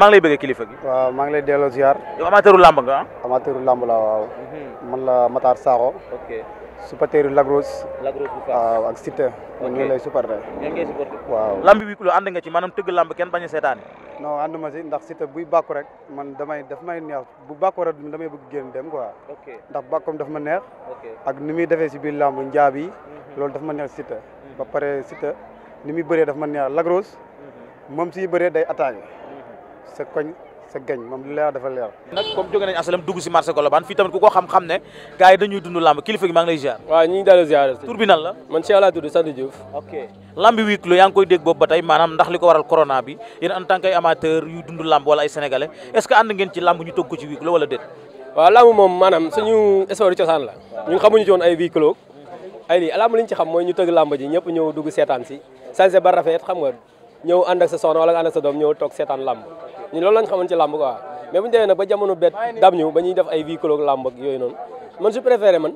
maa ngi lay bëggee kilifa gi. waaw maa ngi lay delloo ziar. yow amateuru làmb nga ah. làmb la waaw. Mhm. man la Matar Sakho. ok supporteru Lagros. Lagros bu Fass waaw ak Siteu. ok ñu nga ci maanaam tëgg lamb kenn bañ seetaan. non ànd ndax Siteu buy bàkku rek man damay daf may neex bu bàkku rek damay bëgg génn dem quoi. ok ndax bàkkoom daf ma neex. ak ni muy defee si biir lamb njaab yi. Mhm. loolu daf ma neex Siteu. Mhm. ba pare Siteu ni muy bëree daf ma neex Lagros moom siy bëree day attaqué sa koñ sa gañ moom li la dafa leer. nag comme jóge nañu asalam dugg si marché Colobane fii tamit ku ko xam-xam ne gars dañuy dund lamb kilifa gi maa ngi lay ziar. la. man Cheikh laa tudd sant Diouf. ok lamb bi huis yaa ngi koy dégg boobu ba tey maanaam ndax li ko waral corona bi yéen en tant amateur yu dund lamb wala ay sénégalais est ce que ànd ngeen ci lamb ñu togg ko ci huis clos wala déet. waaw moom maanaam suñu sport cosaan la ñu loolu lañ xamoon ci làmb quoi mais bu ñu demee def ay huis làmb yooyu noonu man su préféré man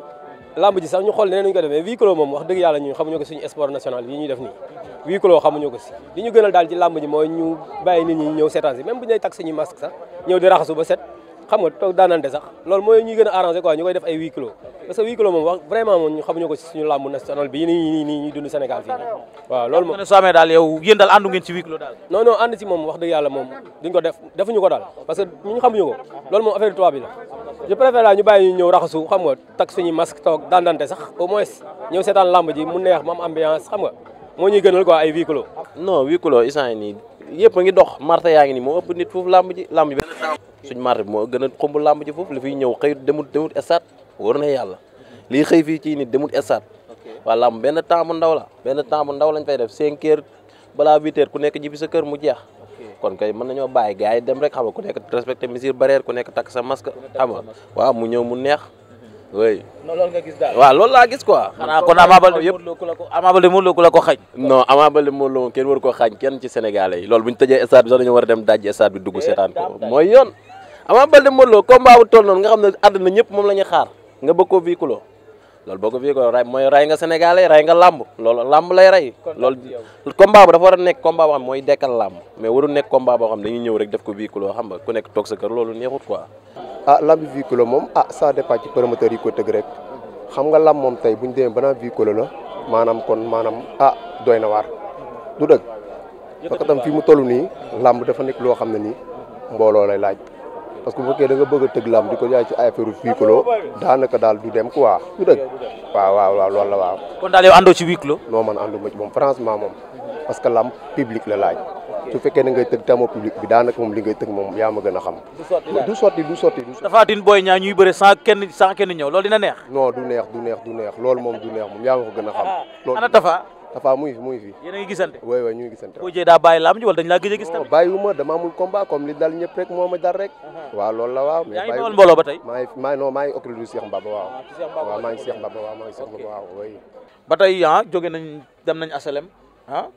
làmb ji sax ñu xool ne ñu ko defee huis clos moom wax dëgg yàlla ñun xamuñu ko suñu sport national yi ñuy def nii huis xamuñu ko si ñu gënal daal ci làmb ji mooy ñu bàyyi nit ñi ñëw seetaan si même bu ñu lay takk suñuy sax ñëw di raxasu ba set xam nga toog daanante sax loolu mooy ñuy gën a arrangé ñu koy def ay huis parce que huis moom wax vraiment moom xamuñu ko si suñu làmb national bi nii nii Sénégal fii waaw loolu moom soo amee daal yow yéen daal àndu ngeen si huis clos daal non moom wax dëgg yàlla moom duñ ko def defuñu ko daal parce que ñu xamuñu ko loolu moom affaire tubaab bi la je préfère ñu bàyyi ñu ñëw raxasu xam nga tak suñuy masque toog dandante sax au moins ñëw seetaan làmb ji mu neex ma am ambiance xam nga moo ñuy gënal quoi ay huis non a ngi wóor na yàlla lii xëy fii ci nit demut stade waa làmb benn temps bu ndaw la benn temps bu ndaw lañ fay def cinq heures balaa huit heures ku nekk jibi sa kër mu jeex kon kay mën na nañoo bàyyi gars yi dem rek xam nga ku nekk respecté mesure barrière ku nekk takk sa masque xam nga waaw mu ñëw mu neex mhm. oui. non loolu nga gis laa gis ko xanaa kon Ama Baldé yëpp ku la ko xañ. non Ama Baldé Modou Lô kenn waru ko xañ kenn ci Sénégalais yi lool bu ñu tëjee stade bi sax dañoo war a dem dajji stade bi dugg eh, seetaan ko mooy yoon Ama nga xam ne àdduna ñëpp moom la ñu xaar nga bëgg ko véhiculer loolu boo ko véhiculer ray mooy rey nga sénégalais rey nga làmb loolu làmb lay rey loolu combat bu dafa war a nekk combat boo xam mooy dekkal làmb mais warul nekk combat boo xam dañuy ñëw rek def ko véhiculer xam nga ku nekk toog sa kër loolu neexut quoi ah làmb moom ah ça dépend ci promoteur yi ko tëgg rek xam nga làmb moom tey bu ñu demee banaa véhiculer la maanaam kon maanaam a ah, doy na waar du dëgg parce que tam fii mu toll nii làmb dafa nekk loo xam ne nii mbooloo lay laaj parce que bu fekkee da nga lam di ko jaay ci ay daanaka daal du dem quoi du dëgg waaw waaw waaw loolu la waaw. kon daal yow àndoo ci huis clos. non man moom franchement moom parce que lam public la laaj. su fekkee ne ngay tëgg tamoo public bi daanaka moom li ngay tëgg moom yaa gën a xam. du sotti du sotti du sotti. dafa tin booy ñaa ñuy bëre sans kenn sans kenn ñëw loolu dina neex. non du neex du neex du neex loolu moom du neex moom yaa ma ko gën a Tafa muy fi muy fi. yéen a ngi gisante. oui oui ñu ngi gisante. Fodjé daa bàyyi laam ji wala dañ laa gëj a gis tamit. bàyyi wu ma dama amul combat comme li dal ñëpp rek moo la waaw. mais bàyyi yaa ngi woon mbooloo ba tey. maa ngi maa non maa ngi ah, ba tey ah nañ dem nañ asalem ah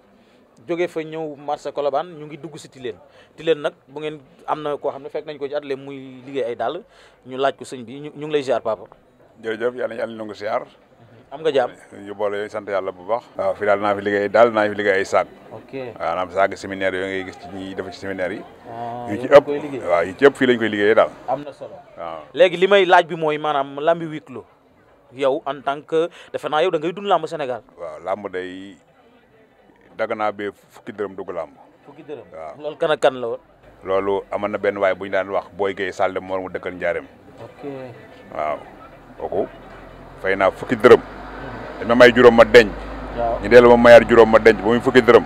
jóge fa ñëw marché Colobane ñu ngi dugg si Tilène Tilène nag bu ngeen am na koo xam ne fekk nañ ko ci atelier muy liggéey ay dàll ñu laaj ko sëñ bi ñu ngi lay ziar papa jërëjëf yàlla yàlla nangu ziar am nga jàmm ñu boole yooyu sant yàlla bu baax waaw fi daal naa fi liggéey daal naa fi liggéey ay saag ok waaw naam saag séminaire yooyu ngay gis ci ñi def ci séminaire yi ah, yu ci ëpp waaw yu ci ëpp fii lañ koy liggéeyee daal am na solo waaw léegi li may laaj bi mooy maanaam lambi huis clos yow en tant que defe naa yow da ngay dund lamb Sénégal waaw lamb day daganaa bee fukki dërëm dugg lamb fukki dërëm waaw loolu kan ak kan la woon loolu amoon na benn waay bu ñu daan wax booy Guèye Sall moom mu dëkkal Njaareem ok waaw kooku fay naa fukki dërëm dañ ma may juróom ma denc ñu dellu ma mayaat juróom ma denc ba muy fukki dërëm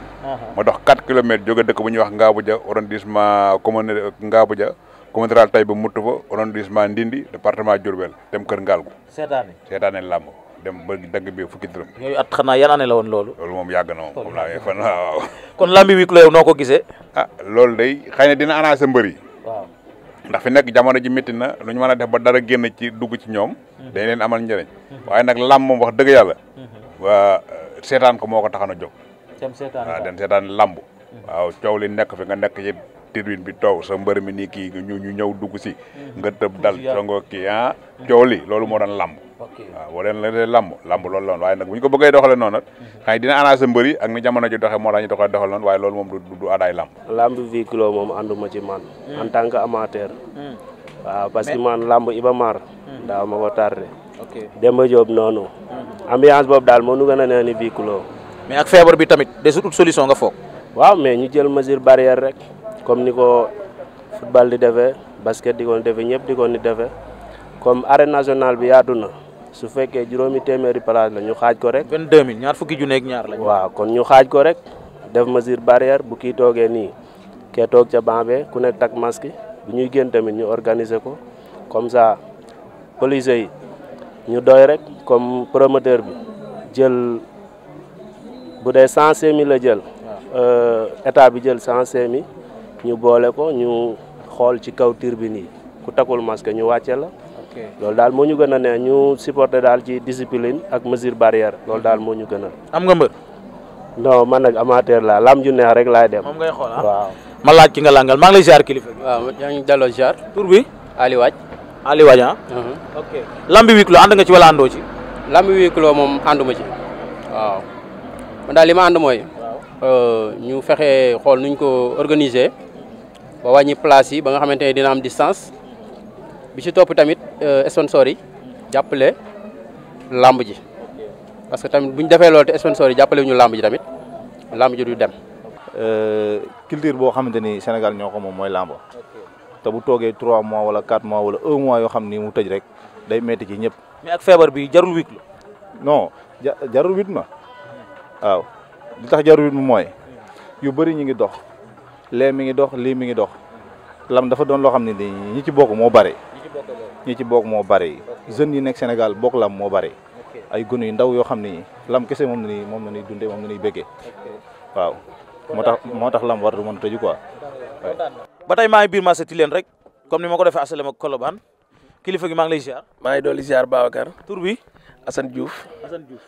ma dox 4 kilomètres jóge dëkk bu ñuy wax Ngaboudia arrondissement commune Ngaboudia commune rurale Taïba Moutoufa arrondissement Ndindi département Diourbel dem kër Ngalgu seetaane seetaane làmb dem ba dagg bi fukki dërëm yooyu at xanaa yan année la woon loolu moom yàgg moom naa fan kon lambi wi ku la yow noo ko gisee ah loolu day xëy na dina arrangé mbër yi waaw ndax fi nekk jamono ji métti na lu ñu a def ba dara génn ci dugg ci ñoom. Mhm. dañ leen amal njëriñ. waaye nag làmb moom wax dëgg yàlla. Mhm. waa seetaan ko moo ko taxan a jóg. dem seetaan waaw dem seetaan làmb. Mhm. waaw coow nekk fi nga nekk ci tribune bi toog sa mbër mi ni kii ñu ñu ñëw dugg si. nga tëb dal songoo ki ah coow li loolu moo daan làmb. waaw wala la dee lamb lamb loolu la waaye nag bu ñu ko bëggee doxale noonu nag mhm. xëy dina annoncé mbëri ak ni jamono ji doxee moo waaye loolu moom du du adaay lamb lamb véhicule moom ànduma ci man mhm. en tant que amateur mhm. waaw parce lamb Iba Mar ma ko tardé Demba Diop noonu ambiance boobu daal moo nu gën a nee feebar bi tamit de ut solution nga foog waaw mais ñu jël mesure barrière rek comme ni ko football di defee basket di ko defee ñëpp di ko ni defee comme arène nationale bi yaatu na su fekkee juróomi téeméeri place la ñu xaaj ko rek. 22000 ñaar fukki junne ak ñaar la. waaw kon ñu xaaj ko rek def mesure barrière bu kii toogee nii kee toog ca banc ku nekk takk masque bu ñuy génn tamit ñu organiser ko comme ça police yi ñu doy rek comme promoteur bi jël bu dee 105000 la jël. Euh, état bi jël 105000 ñu boole ko ñu xool ci kaw turbine yi ku takkul masque ñu wàccee la. loolu daal moo ñu gën a ne ñu supporter daal ci discipline ak mesure barrière loolu daal moo ñu gën a. am nga mbër. non man nag amateur laa lam ju a rek laay dem. moom ngay xool ah. waaw. ma laaj ki nga langal maa ngi la ziar kilifa gi. waaw yaa ngi delloo ziar. tur bi Ali Waaj. Ali Waaj ah. Mhm. ok lambi huis clos ànd nga ci wala àndoo ci. lambi huis clos moom ànduma ci. waaw man daal li ma ànd mooy. Euh, ñu fexe xool nuñ ko organiser ba wàññi place yi ba nga xamante ne dina am distance. bi ci topp tamit euh, sponsor yi jàppale làmb ji parce que tamit bu ñu defee loolu te sponsor jàppale ñu làmb ji tamit làmb ji du dem. Euh, culture boo xamante ni Sénégal ñoo ko moom mooy làmb te bu toogee trois mois wala 4 mois wala 1 mois yoo xam ni mu tëj rek day metti ci ñëpp. mais ak feebar bi jarul wit la. non ja jarul wit ma waaw li tax yu bëri ñu ngi dox lee mi ngi dox lii mi ngi dox lam dafa doon loo xam ne ni ñi ci bokk moo bëri. ñi ci bokk moo bari jeunes yi nekk Sénégal bokk lam moo bari ay gone yu ndaw yoo xam ni lam kese moom la ñuy moom la ñuy dundee moom la ñuy bëggee waaw moo tax moo tax lam war du mën a tëju quoi. ba tey maa ngi biir rek comme ni ma ko defee asalem a Colobane kilifa gi maa ngi lay ziar. maa ngi dolli ziar Babacar. tur bi Assane Diouf. Assane Diouf.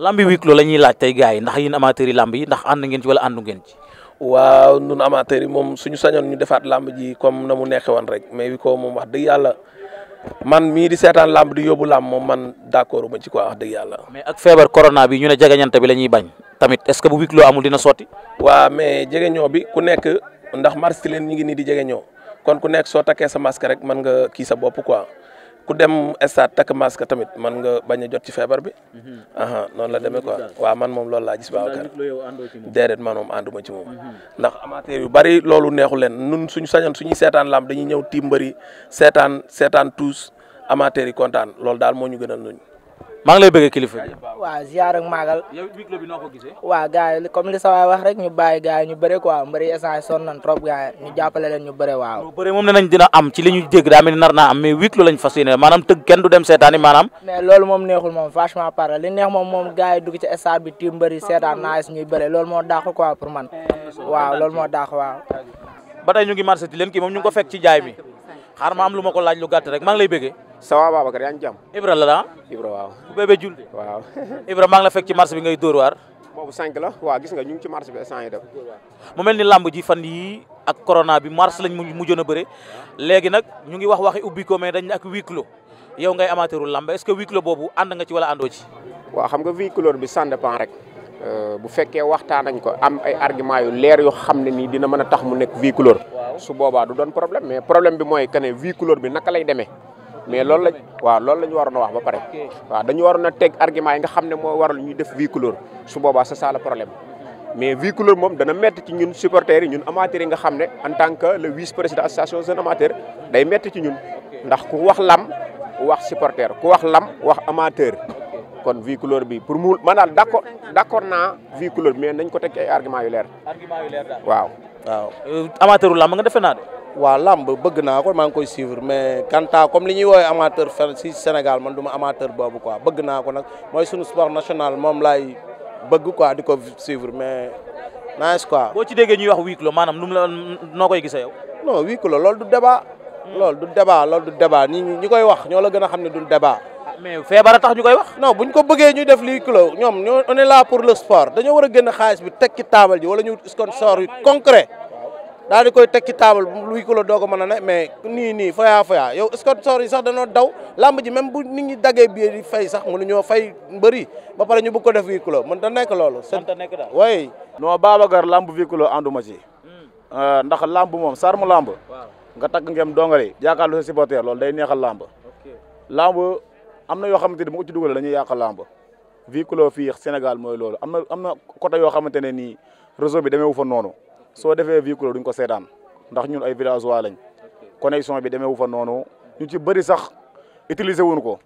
lambi huis clos la ñuy laaj tey gars yi ndax yéen amateurs yi lamb yi ndax ànd ngeen ci wala àndu ngeen ci. waaw nun amateurs yi moom suñu sañoon ñu defaat làmb ji comme na mu nekke woon rek mais wi ko moom wax dëgg yàlla man mii di seetaan làmb di yóbbu làmb moom man d'accord ma ci quoi wax dëgg yàlla. mais ak feebar corona bi ñu ne jegeñante bi la ñuy bañ tamit est-ce que bu huis clos amul dina waa waaw mais jegeñoo bi ku nekk ndax mars leen ñu ngi nii di jege jegeñoo kon ku nekk soo takkee sa masque rek mën nga kii sa bopp quoi. ku dem stade takk masque tamit man nga bañ a jot ci feebar bi. Mhm. aha noonu la demee ko waaw man moom loolu laa gis. Babacar déedéet man moom ànduma ci moom. Mhm. ndax amateur yu bari loolu neexu leen nun suñu sañoon suñu seetaan lamb dañuy ñëw timbari seetaan seetaan tous amateurs yi kontaan loolu daal moo ñu gën gënal nuñ maa ngi lay bëggee kilifa bi. waaw ak maagal. yow huis ko gisee. waaw gars comme li sa waay wax rek ñu bàyyi gars yi ñu bëre quoi mbëri essence sonn nañ trop gars yi ñu jàppale leen ñu bëre waaw. bu bëree moom nee dina am ci li ñu dégg daa mel ni nar naa am mais huis clos lañ fas yéene maanaam tëgg kenn du dem seetaani maanaam. mais loolu moom neexul moom franchement parle li neex moom moom gars yi dugg ci stade bi tiim mbëri seetaan naa ñuy bëre loolu moo dàq quoi pour man waaw loolu moo dàq waaw. ba tey ñu ngi marché moom ñu ko fekk ci jaay mi ma am lu ma ko laaj lu gàtt rek maa lay bëggee ça va Babacar yaa ngi jàmm. Ibra la ah. Ibra waaw. bu bébé Julde. waaw. Ibra la fekk ci marché bi ngay dóor waar. boobu 5 la waa gis nga ñu ngi ci marché bi instant yi dem. mu mel ni làmb ji fan yii ak corona bi mars lañ mujjoon a bëre léegi nag ñu ngi wax waxi ubbi ko mais dañ ak huis clos yow ngay amateuru làmb est-ce que huis boobu ànd nga ci wala àndoo ci. waaw xam nga huis bi san dépend rek. Euh, bu fekkee waxtaan nañ ko am ay argument yu leer yoo xam ne nii dina mën a tax mu nekk huis clos. su boobaa du doon problème mais problème bi mooy que ne huis clos demee. mais loolu lañ waaw lool la ñu waroon a wax ba pare waaw dañu waroon a teg argument yi nga xam ne moo waral ñuy def huis clos su boobaa c'est ça le problème mais huis clos moom dana métti ci ñun supporters yi ñun amateurs yi nga xam ne en tant que le vice président association jeune amateur day métti ci ñun ndax ku wax lam wax supporter ku wax lam wax amateur kon huis couleur bi pour mu man daal d'accord d'accord naa huis clos bi nañ ko teg ci ay yu leer argument yu waaw waaw euh, amateur u nga defe naa de waa lamb bëgg naa ko maa ngi koy suivre mais kanta comme li ñuy woowee amateur fenn si Sénégal man du ma amateur boobu quoi bëgg naa ko nag mooy suñu sport national moom laay bëgg quoi di ko suivre mais nice quoi. boo ci dege ñuy wax huis clos maanaam nu mu la noo koy gisee yow. non huis clos loolu du débat. Hmm. loolu du débat loolu du débat ñi ñi koy wax ñoo la gën a xam ne du daba ah, mais feebar a tax ñu koy wax. non bu ñu ko bëggee ñu def lii lo ñoom ñoo on est là pour le sport dañoo war a génn xaalis bi teg taabal ji wala ñu sponsor yu concret. daal di koy teg ci table luy ko la doog a mën a ne mais nii nii faya faya yow sponsor yi sax dañoo daw lamb ji même bu nit ñi daggee billet di fay sax mënu ñoo fay mbëri ba pare ñu bëgg ko def huis clos ta nekk loolu. mën ta nekk daal oui. non Babacar lamb huis clos hmm. euh, na yoo xamante ni bu ko ci dugalee dañuy yàq lamb. huis clos fii Sénégal mooy loolu am na am na côté yoo xamante ne nii réseau bi demee wu fa noonu. soo defee véhicule duñ ko seetaan ndax ñun ay villageois lañ connexion bi demeewu fa noonu ñu ci bëri sax utiliser wuñu ko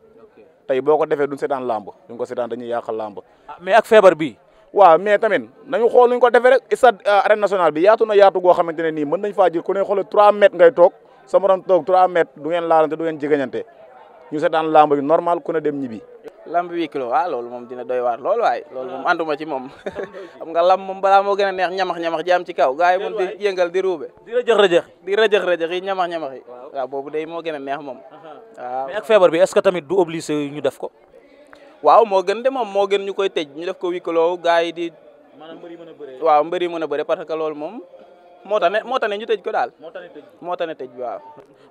tey boo ko defee duñ seetaan làmb duñ ko seetaan dañuy yàqal làmb. Ah, mais ak feebar bi waaw mais tamit ñu xool nuñ ko defee rek stade euh, arène nationale bi yaatu na yaatu goo xamante ne nii mën nañ faa jël ku ne xoolal 3 mètres ngay toog sa morom toog 3 mètres du ngeen laalante du ngeen jegeñante ñu seetaan làmb bi normal ku ne dem ñibbi. lamb huit kilos ah, loolu moom dina doy waar loolu waay loolu moom ah. ànduma ci moom xam nga lamb moom bala moo gën a neex ñamax-ñamax jaam am ci kaw gars yi moom di yëngal di ruube di rëjëx rëjëx di rëjëx rëjëx yi ñamax-ñamax yi waaw boobu day moo gën a neex moom waaw mais ak feebar que tamit du obligé ñu def ko waaw moo gën de moom moo gën ñu koy tëj ñu def ko huit kilos gars yi di maanaam mbëri mën a bëre waaw mbëri mën a bëre parce que loolu moom moo tane moo tane ñu tëj ko daal moo tane tëj bi waaw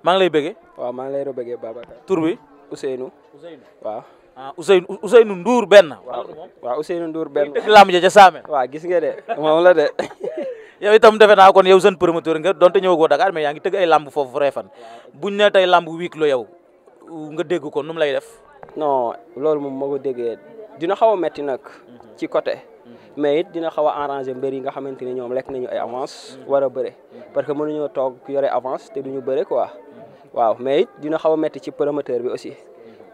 maa ngi lay bëggee waaw maa ngi lay ro bëggee Babacar tur bi Ousseynou Ousseynou waaw ah Ousseynou Ousseynou Ndour benn. waaw waaw Ousseynou Ndour benn. dëgg làmb ja ca Saame. waa gis nga de moom la de. yow itam defe naa kon yow jeune promoteur nga donte ñëw Dakar mais yaa ngi tëgg ay làmb foofu vrai fan tey làmb huis clos yow nga dégg ko nu lay def. loolu moom moo ko déggee dina xaw a metti nag mhm. ci côté. Mhm. mais it dina xaw a arrangé mbër yi nga xamante ne ñoom lekk nañu ay avance mhm. war a bëre parce que mënuñoo toog yore avance te ñu bëre quoi waaw mais it dina xaw a metti ci promoteur bi aussi.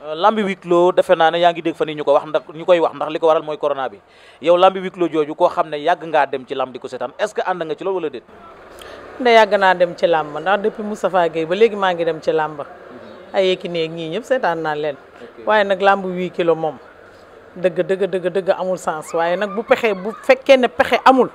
Euh, lambi huis clos defe naa ne yaa ngi dégg fan yi ñu ko wax ndax ñu koy wax ndax li ko waral mooy corona bi yow lambi huis clos jooju koo xam ne yàgg ngaa dem ci lamb di ko seetaan est-ce que ànd nga ci loolu wala déet nda yàgg naa dem ci làmb ndax depuis Moustapha Gueye ba léegi maa ngi dem ci làmb mhm. ay Yékini ak ñii ñëpp seetaan naa leen waaye nag lamb huis clos moom dëgg dëgg dëgg amul sens waaye nag bu pexe bu fekkee ne pexe amul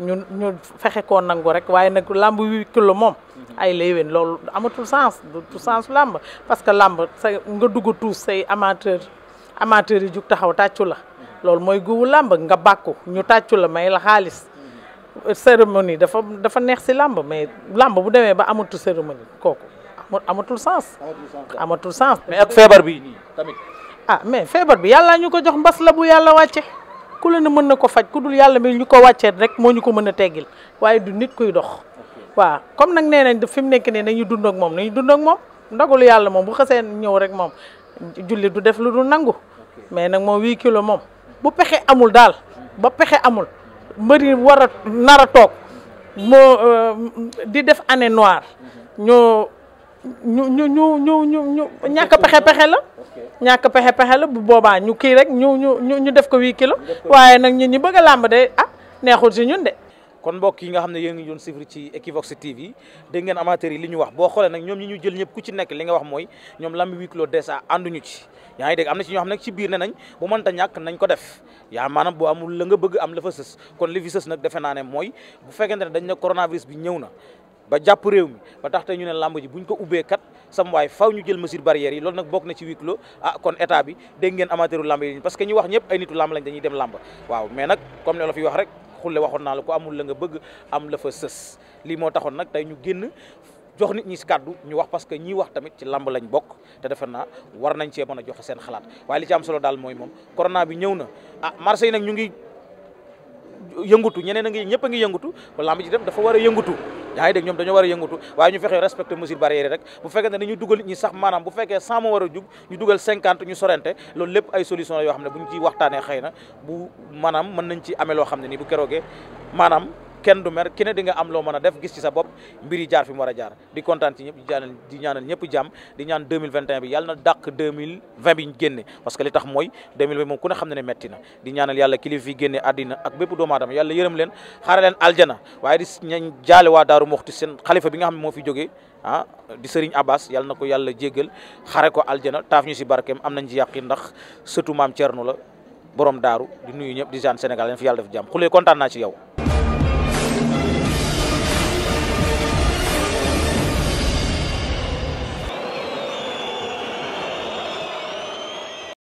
ñun ñu fexe koo nangu rek waaye nag làmb wi kilo moom mhm. ay léewén lool amatul sens du sens làmb parce que làmb sa nga dugg tuus say amateur amateur yi taxaw tàccu la mhm. loolu mooy guwu làmb nga bàkku ñu tàccu la may la xaalis mhm. cérémonie dafa dafa neex si làmb mais làmb bu demee ba amatul cérémonie kooku amatul sens amatul sens mais ak feebar bi ah mais feebar bi yàlla ñu ko jox mbas la bu yàlla wàcce ku la ne mën na ko faj ku dul yàlla mi ñu ko wàccee rek moo ñu ko mën a teggil waaye du nit kuy dox waaw comme nag nee nañ fi mu nekk nii nañu dund ak moom nañu dund ak moom ndogalu yàlla moom bu xasee ñëw rek moom julli du def lu dul nangu mais nag moom 8 kilos moom bu pexe amul daal ba pexe amul mbëri war a a toog moo euh, di def année noir ñoo ñu ñu ñu ñu ñu ñu ñàkk pexe pexe la ñàkk pexe pexe la bu boobaa ñu kii rek ñu ñu ñu def ko huit kilo waaye nag ñun ñi bëgg a de ah neexul si ñun de kon mbokk yi nga xam ne yéen ngi doon suivre ci Equivox TV dégg ngeen amateurs yi li ñu wax boo xoolee nag ñoom ñi ñu jël ñëpp ku ci nekk li nga wax mooy ñoom lamb huis clos dèjà ànduñu ci yaa ngi dégg am na ci ñoo xam na ci biir ne nañ bu mënta ñàkk nañ ko def yaa maanaam boo amul la nga bëgg am la fa sës kon li fi nag defe naa ne mooy bu fekkente ne dañ ne coronavirus bi ñëw na ba jàpp réew mi ba tax tey ñu ne làmb ji buñ ko ubbee kat sam waay faw ñu jël mesure barrière yi loolu nag bokk na ci huis clos ah kon état bi dégg ngeen amateuru làmb yi parce que ñu wax ñëpp ay nitu làmb lañ dañuy dem làmb waaw mais nag comme la fi wax rek xulle waxoon naa la ko amul la nga bëgg am la fa sës lii moo taxoon nag tey ñu génn jox nit ñi si kàddu ñu wax parce que ñi wax tamit ci lamb bokk te defe naa war nañ cee mën a joxe seen xalaat waaye li ci am daal mooy moom corona bi ñëw na ah marché yi nag ñu ngi yëngutu ñeneen a ngi ñëpp a ngi yëngutu ba lamb ji dem dafa war a yëngutu yaa ngi ñoom dañoo war a yëngatu waaye ñu fexe respecté mesure barrière rek bu fekkee ne dañu dugal ñi sax maanaam bu fekkee cent moo war a jug ñu dugal cinquante ñu sorente loolu lépp ay solution la yoo xam ne bu ñu ciy waxtaanee xëy na bu maanaam mën nañ ci amee loo xam ne nii bu keroogee maanaam kenn du mer ki di nga am loo mën a def gis ci sa bopp mbir jaar fi mu war a jaar di kontaan ci ñëpp di ñaanal ñëpp jàmm di ñaan 2021 bi yàlla na dàq 2020 bi ñu génne parce que li tax mooy 2020 moom ku ne xam ne ne metti na di ñaanal yàlla kilif yi génne àddina ak bépp doomu aadama yàlla yërëm leen xaare leen aljana waaye di ñañ jaale waa daaru moxti seen xalifa bi nga xam ne moo fi jógee ah di Serigne Abbas yàlla na ko yàlla jéggal xare ko aljana taaf ñu si barkeem am nañ ci yàqi ndax sëtu maam Cerno la borom daaru di nuyu ñëpp di jaan Sénégal leen fi yàlla def kontaan naa ci yow